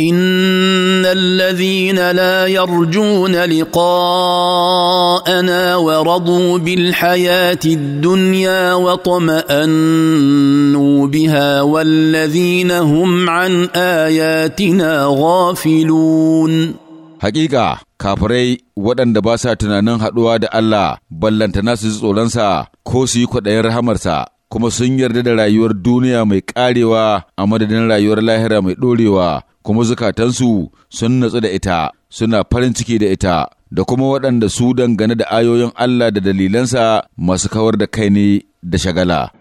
ان الذين لا يرجون لقاءنا ورضوا بالحياه الدنيا وطمانوا بها والذين هم عن اياتنا غافلون Haƙiƙa, kafirai waɗanda ba sa tunanin haɗuwa da Allah ballanta su tsoron tsoronsa ko su yi kwaɗayin rahamarsa kuma sun yarda da rayuwar duniya mai ƙarewa a madadin rayuwar lahira mai ɗorewa kuma zukatansu sun natsu da ita suna farin ciki da ita da kuma waɗanda su dangane da ayoyin Allah da dalilansa masu kawar da kai ne da shagala.